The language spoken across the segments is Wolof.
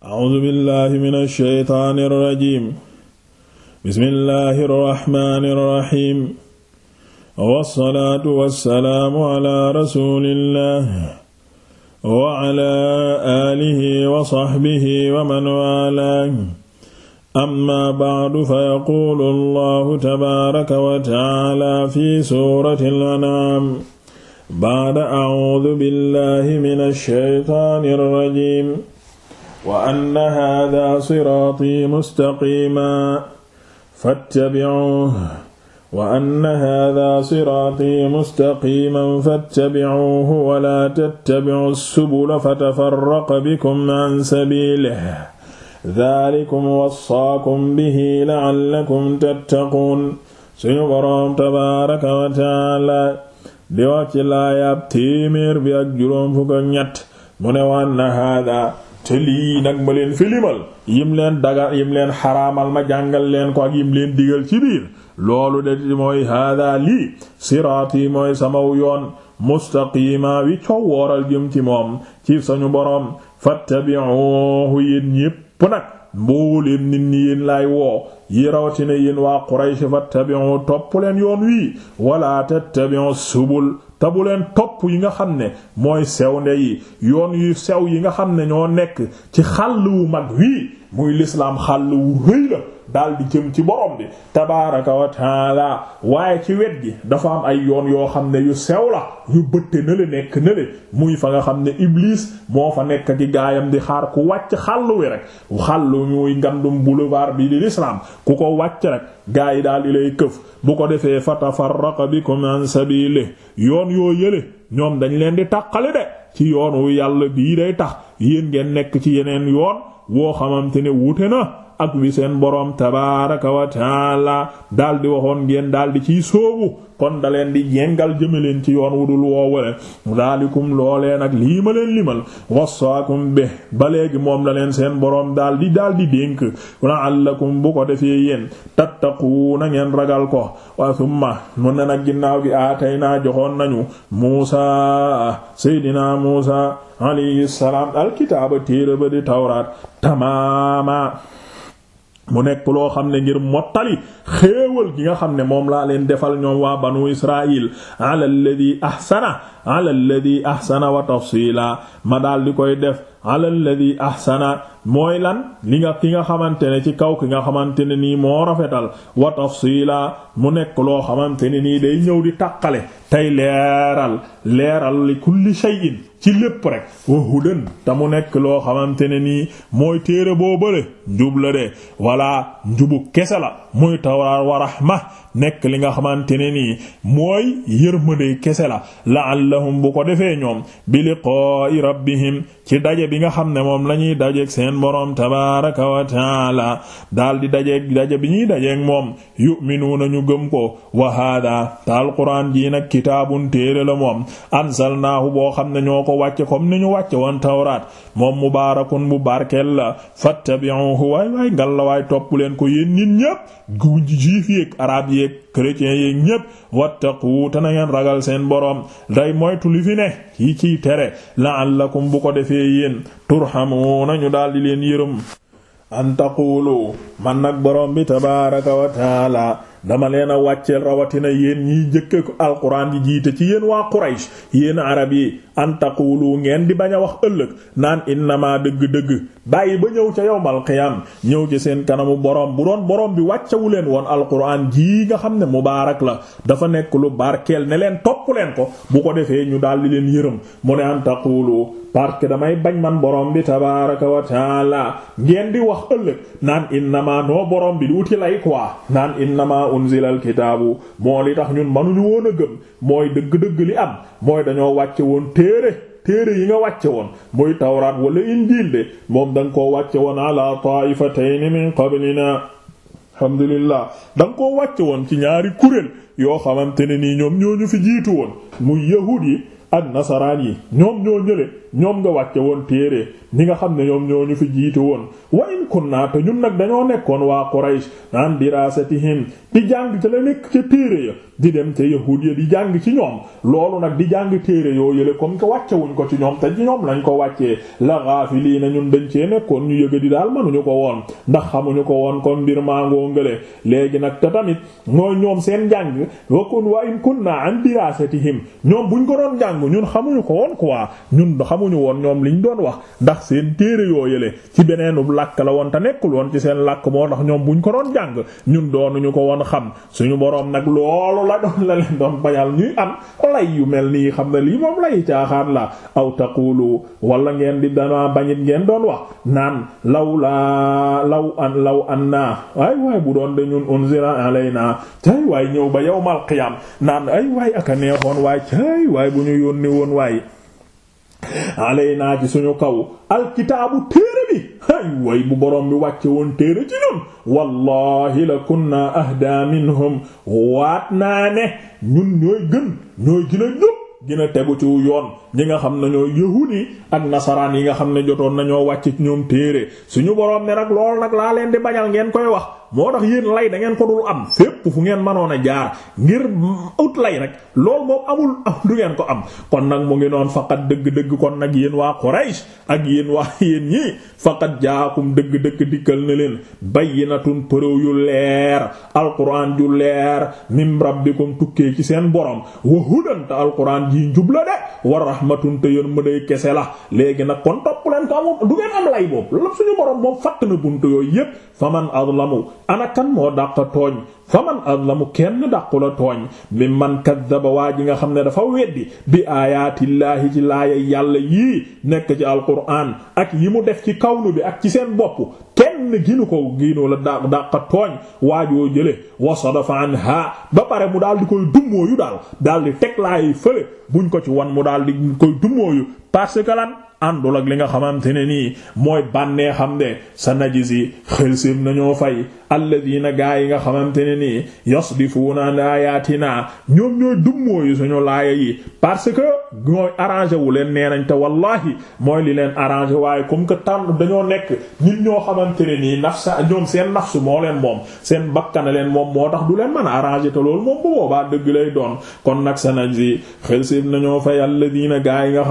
A'uuzu billaahi mina shaytaani rajiim. Bismillaahi rahmaani rahiim. Wassalaatu wassalaamu alaa rasuulillaah wa alaa aalihi wa sahbihi wa man waalaah. Ammaa ba'du fayaquulu Allaahu tabaaraka wa ta'aalaa fi suuratil An'aam. Ba'da a'uuzu billaahi mina shaytaani rajiim. wa anna haadaa siraatii mustaqiiman fattabi'uuhu wa anna haadaa siraatii mustaqiiman fattabi'uuhu wa laa tattabi'u subula fatafarraqa bikum an sabiilihi daalikum wassaakum bihi la'allakum tattaquun suñu boroom tabaaraka wa ta'aala di wax ci laayaab téeméer bi ak juróom fukk ak ñett mu ne wa anna haadaa te lii nag maleen leen filimal yim leen daga yim leen xaraamal ma jàngal leen ko ak yim leen digal ci biir loolu de mooy hada lii siraati mooy sama yoon mustaqiima wi cow wooral jëm ci moom ci sañu boroom fattabi'uhu yéen ñépp nag mbooleem nit ñi yéen laay woo yi rawatina yéen waa Quraysh fattabi'u topp leen yoon wii wala tattabi'u subul te leen topp yi nga xam ne mooy sew nde yi yoon yu sew yi nga xam ne ñoo nekk ci xàll wu mag wii muy lislaam xàll wu rëy la daal di jëm ci borom bi tabaaraka wa taala waaye ci wet gi dafa am ay yoon yoo xam ne yu sew la yu bëtte na nekk na muy fa nga xam ne Iblis moo fa nekk ki gaayam di xaar ku wàcc xàllu wi rek xàllu muy ngandum boulevard bi di l'islam ku ko wàcc rek gaa yi daal di lay këf bu ko defee fatafarraqa bikum an sabilihi yoon yoo yële ñoom dañ leen di tàqali de ci yoon wu yàlla bii day tax yéen ngeen nekk ci yeneen yoon woo xamante ne wuute na ak wi seen boroom tabaaraka wa taala daal di waxoon ngeen daal di ciy sóobu kon da leen di yengal jëme leen ci yoon wudul woowale daalikum loolee nag lii ma leen limal wassaakum be ba léegi moom la leen seen boroom daal di daal di dénk la'allakum bu ko defee yéen tattaquuna ngeen ragal ko wa summa mun na nag ginnaaw gi aataynaa joxoon nañu Muusaa Seydina Muusaa alayhi salaam alkitaaba téere ba di tawraat tamaama mu nekk loo xam ne ngir mottali xéewal gi nga xam ne moom laa leen defal ñoom waa banu israil ala alladi ahsana ala alladi ahsana wa ma daal di koy def ala alladi ahsana mooy lan li nga ki nga xamante ne ci kaw ki nga xamante ne nii moo rafetal wa tafsila mu nekk loo xamante ne nii day ñëw di tàqale tey leeral leeral li kulli shay'in ci lépp rek wa hudan te mu nekk loo xamante ne nii mooy téere boo bële njub la de walla njubu kese la muy tawraat wa rahma nekk li nga xamante ne nii mooy yërmande kese la la la'allahum bu ko defee ñoom bi liqaa'i rabbihim ci daje bi nga xam ne moom la ñuy dajeeg seen boroom tabaaraka wa taala daal di dajeeg daje bi ñuy dajeeg moom yu'minuuna ñu gëm ko wa haadaa te alquraan jii nag kitaabun téere la moom anzalnaahu boo xam ne ñoo ko ko wàcce comme ni ñu wàcce woon tawraat moom mubaarakun bu barkeel la fattabi'uhu waay waay ngal la waay topp leen ko yéen nit ñépp gu juif yéeg arab yéeg chrétiens yéeg ñépp wattaqu te na ngeen ragal seen boroom day moytu li fi ne yi ciy tere la la'allakum bu ko defee yéen turhamuuna ñu daldi leen yërëm an taqulu man nag boroom bi tabaaraka wa taala dama leen a wàcceel rawatina yéen ñiy njëkkee ko alquran di jiite ci yéen waa Quraysh yéen arab yi an ngeen di bañ a wax ëllëg naan innama dëgg-dëgg bàyyi ba ñëw ca yowmal qiyam ñëw ci seen kanamu borom bu doon borom bi wàccewu leen woon alquran jii nga xam ne mubaarak la dafa nekk lu barkeel ne leen topp leen ko bu ko defee ñu daal di leen yërëm mu ne an taqulu parce que bañ man borom bi tabaaraka wa di wax ëllëg naan noo borom bi di uti lay quoi naan innama unzila alkitaabu moo li tax ñun manuñu woon a gëm mooy dëgg-dëgg li am mooy dañoo wàcce woon téere téere yi nga wàcce woon muy tawraat wala injiil de moom da nga koo wàcce woon ala ta'ifatayni min qablina alhamdulillah da nga koo wàcce woon ci ñaari kuréel yoo xamante ne nii ñoom ñoo ñu fi jiitu woon muy yahuud yi ak nasaraan yi ñoom ñoo ñële ñoom nga wàcce woon téere ñi nga xam ne ñoom ñoo ñu fi jiitu woon wa in naa te ñun nag dañoo nekkoon waa Quraysh an dirasatihim di jàng ca la nekk ca téere ya di dem ca yahuud ya di jàng ci ñoom loolu nag di jàng téere yoo yële comme que wàcce wuñ ko ci ñoom te ci ñoom lañ ko wàccee la gaafiliina ñun dañ cee nekkoon ñu yëga di daal manuñu ko woon ndax xamuñu ko woon ko mbir maa maangoo ngële léegi nag te tamit mooy ñoom seen jàng kon wa in kunna an dirasatihim ñoom buñ ko doon jàng ñun xamuñu ko woon quoi ñun xamuñu woon ñoom liñ doon wax ndax seen téere yoo yële ci beneenub làkk la woon te nekkul woon ci seen làkk moo tax ñoom buñ ko doon jàng ñun ñu ko woon xam suñu boroom nag loolu la doon la leen doon bañal ñuy am lay yu mel nii xam ne lii moom lay caaxaan la aw taqulu wala ngeen di dama bañit ngeen doon wax naan law la law an law an naa ay waay bu doon de ñun unzira alayna tay waay ñëw ba yawmal qiyam naan ay waay aka neexoon waay tay waay bu ñu yónni woon waay naa ci suñu kaw alkitaabu téere bi ay way bu borom bi wàcce woon téere ci ñun wallahi la kunna ahda minhum waat naa ne ñun ñooy gën ñooy gën a ñëpp gën tegu ci yoon ñi nga xam ne ñoo yahudi ak nasaraan yi nga xam ne jotoon nañoo wàcce ci ñoom téere suñu borom ne nag lool nag laa leen di bañal ngeen koy wax moo tax yéen lay da ngeen ko dul am fépp fu ngeen manoon a jaar ngir ut lay nag loolu moom amul am du ngeen ko am kon nag mu ngi noon faqat dëgg-dëgg kon nag yéen waa Quraysh ak yéen waa yéen ñii faqat jaakum dëgg-dëgg dikkal na leen bayyinatun preuve yu leer alquran ju leer mim rabbikum tukkee ci seen borom wa hudan te alquran ji njub la de wa rahmatun te yéen mënay kese la léegi nag kon topp leen ko amul du ngeen am lay boobu loolu suñu borom moom fàtt na buntu anakan moo dàq tooñ fa man mu kenn dàqu la tooñ mi man kaddaba waa ji nga xam ne dafa weddi bi aayaatillaahi ci laaya yàlla yii nekk ci alquraan ak yi mu def ci kawnu bi ak ci seen bopp kenn ginu ko ginu la dàq dàq tooñ waajoo jële wasadafa an ha ba pare mu daal di koy dummóoyu daal daal di teg laaya yi fële buñ ko ci won mu daal di koy dummóoyu parce que lan àndul ak li nga xamante ne nii mooy bànnee xam de sa najis yi xelséem nañoo fay alladina gaa yi nga xamante ne nii yasdifuuna di ayatina ñoom ñooy dummoo yi suñu laaya yi parce que arrangé wu leen nee nañ te wallahi mooy li leen arrangé waaye comme que tànn dañoo nekk nit ñoo xamante ne nii nafsa ñoom seen nafsu moo leen moom seen bakkana leen moom moo tax du leen mën arrangé te loolu moom bu boobaa kon nag nañoo fay yi nga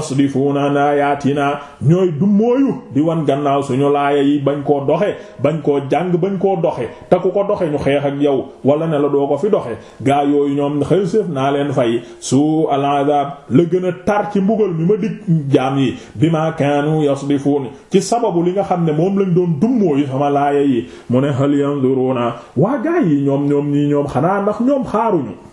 xamante yasrifuuna an ayatina ñooy du mooyu di wan gannaaw suñu laaya yi bañ koo doxe bañ koo jàng bañ koo doxe te ku ko doxe ñu xeex ak yow wala ne la doo ko fi doxe gaa yooyu ñoom xëy séef naa leen fay su al la gën a tar ci mbugal mi ma dig jaam yi bi ma kaanu yasrifuun ci sababu li nga xam ne moom lañ doon du sama laaya yi mu ne hal waa gaa yi ñoom ñoom ñii ñoom xanaa ndax ñoom xaaruñu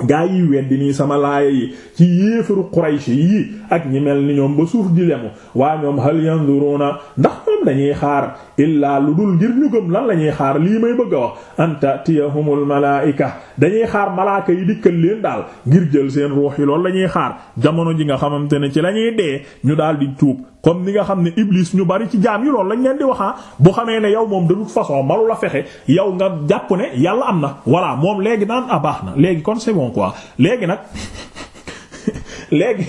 gaa yi weddi nii sama laaya yi ci yéefaru Quraysh yii ak ñi mel ni ñoom ba suuf di lemu waa ñoom hal yanzuruna ndax moom dañuy xaar illaa lu dul ngir ñu gëm lan la ñuy xaar lii may bëgg a wax anta tiyahumul malaika dañuy xaar malaaka yi dikkal leen daal ngir jël seen ruux yi loolu la ñuy xaar jamono ji nga xamante ne ci la dee ñu daal di tuub kon ni nga xam ne iblis ñu bari ci jaam yi loolu lañ leen di waxaa ah. bu xamee ne yow moom de toute façon malu la fexe yow nga jàpp ne yàlla am na voilà moom léegi naan a ah, baax na léegi kon c'est bon léegi nag léegi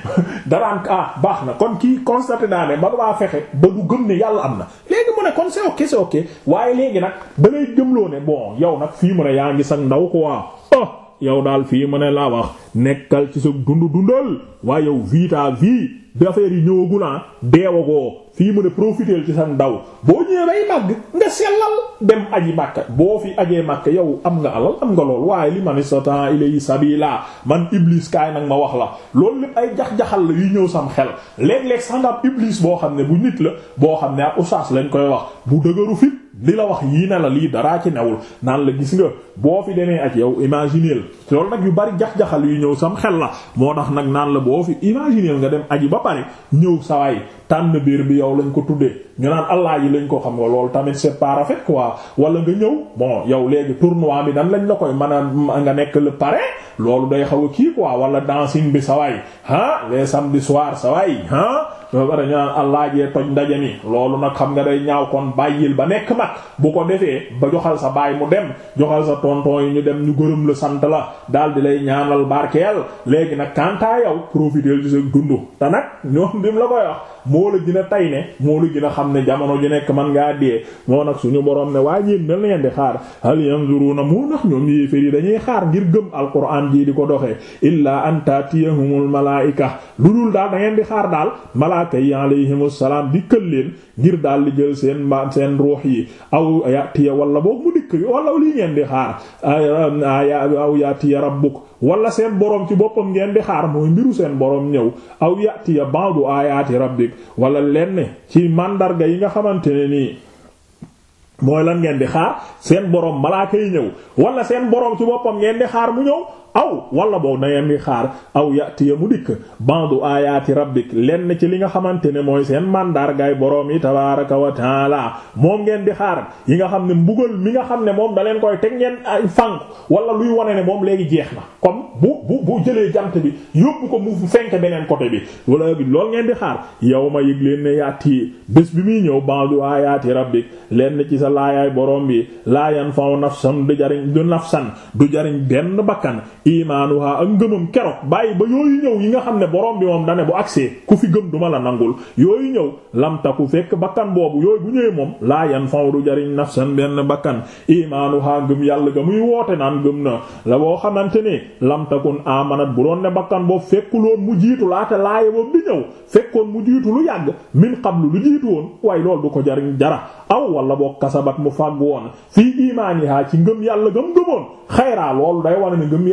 daraan ah baax na kon kii constaté naa ne man waa fexe ba du gëm yàlla am na léegi mu ne kon c'est ok c'est ok waaye léegi nag da ngay gëmloo ne bon yow nag fii mu ne yaa ngi sax ndaw ko ah oh! yow daal fii mu ne laa wax nekkal ci sa dund dundal waaye yow vita vie d'affaires yi ñëwagul ah deewagoo fii mu ne profiter ci sa ndaw boo ñëwee bay màgg nga sellal dem aji màkka boo fi ajee màkka yow am nga alal am nga lool waaye li man satan ilay sabila man iblis kaay nag ma wax la lool lépp ay jax-jaxal la yuy ñëw sam xel léeg-léeg sax nga am iblis boo xam ne bu nit la boo xam ne ak usaas lañ koy wax bu dëgëru fit li la wax yii na la lii daraa ci newul naan la gis nga boo fi demee ak yow imaginer loolu nag yu bari jax-jaxal yu ñëw sam xel la moo tax nag naan la boo fi imaginer nga dem aji ba pare ñëw sawaay tànn biir bi yow lañ ko tuddee ñu naan allah yi lañ ko xam nga loolu tamit c'est pas rafet quoi wala nga ñëw bon yow léegi tournoi bi dan lañ la koy mën a nga nekk le pare loolu day xaw a kii quoi wala dancing bi sawaay ah les samedi soir sawaay ah ba pare ñu naan allaajee toj ndaje mi loolu nag xam nga day ñaaw kon bàyyil ba nekk mag bu ko defee ba joxal sa baay mu dem joxal sa tonton yi ñu dem ñu gërëm la sant la daal di lay ñaanal barkeel léegi nag kantaa yow profiter ci sa dund te nag ñoom bi mu la koy wax moo la gën tey ne moo la gën xam ne jamono ju nekk man ngaa dee moo nag suñu borom ne waa ñeen na leen di xaar hal yanzuruna moo ndax ñoom yéefér yi dañuy xaar ngir gëm alquran jii di ko doxee illaa an taatiyahumul malaayika lu dul daal da ngeen di xaar daal malaaka yi alayhimus salaam di kël leen ngir daal di jël seen mbaam seen ruux yi aw yatiya wala boog mu dikk wala lii ngeen di xaar aw yatiya rabbuk wala seen borom ci boppam ngeen di xaar mooy mbiru seen boroom ñëw aw yatiya ba'du ayati rabbik wala lenn ci màndarga yi nga xamante ne nii mooy lan ngeen di xaar seen borom malaaka yi ñëw wala seen borom ci boppam ngeen di xaar mu ñëw aw wala boobu na ngeen di xaar aw yatiya mu dikk bandu ayaati rabbik lenn ci li nga xamante ne mooy seen mandargaay borom yi tabaaraka wa taala moom ngeen di xaar yi nga xam ne mbugal mi nga xam ne moom da leen koy teg ngeen ay fànk wala luy wane ne moom léegi jeex na comme bu bu jëlee jant bi yóbbu ko mu fenk beneen côté bi wala bi lool ngeen di xaar yow ma yëg leen ne yàtti bés bi muy ñëw bandu ayaati sa laayaay borom bi laa yanfa'u nafsan du jariñ du nafsan du jariñ benn bakkan imaanuha ak ngëmam keroog bàyyi ba yooyu ñëw yi nga xam ne boroom bi moom dane bu agsee ku fi gëm duma la nangul yooyu ñëw lam taku fekk bakkan boobu yooyu bu ñëwee moom laayan yanfa'u du jariñ nafsan benn bakkan imaanuha ngëm yàlla ga muy woote naan gëm na la boo xamante ne lam takun amanat bu doon ne bakkan boobu fekkuloon mu jiitu laata laaya boobu di ñëw fekkoon mu jiitu lu yàgg min qablu lu kasabat mu fàgg woon fii imaaniha ci ngëm yàlla gëm gëmoon xayraa loolu day wane ne ngëm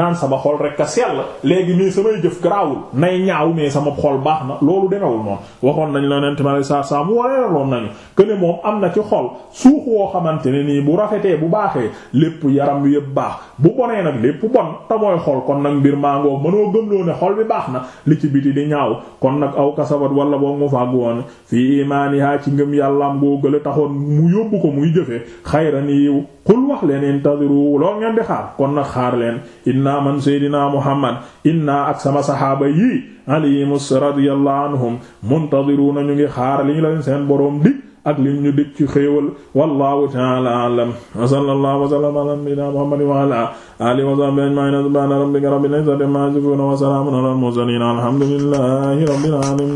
a sell léegi nii samay jëf garaawul nay ñaaw mais sama xol na loolu demewul noonu waxoon nañ sa sa mu wareeraloon nañu que ne moom am na ci xol suux xamante ne nii bu rafetee bu baaxee lépp yaram wi yëpp baax bu bonee nag lépp bon te mooy xol kon nag mbir maa ngoo mënoo gëmloo ne xol bi baax na li ci biti di ñaaw kon nag aw kasabat wala boo mu fàgg woon fii imaaniha ci ngëm yàllaam goo gële taxoon mu yóbbu ko muy jëfee xayran yiw xul wax leen intadiru lool ngeen di xaar kon na xaar leen inna man seydina muhammad inna ak sama saxaaba yii alihimus radiyallahu anhum muntadiruna ñu ngi xaar li ñu leen seen boroom di ak lim ñu dëkk ci xéewal wallahu ta'ala a'lam wa sallallahu wa sallama ala nabiyyina muhammad wa ala alihi wa sahbihi ajma'in subhana rabbika rabbil izzati amma yasifun wa salamun ala al mursalin alhamdulillahi rabbil alamin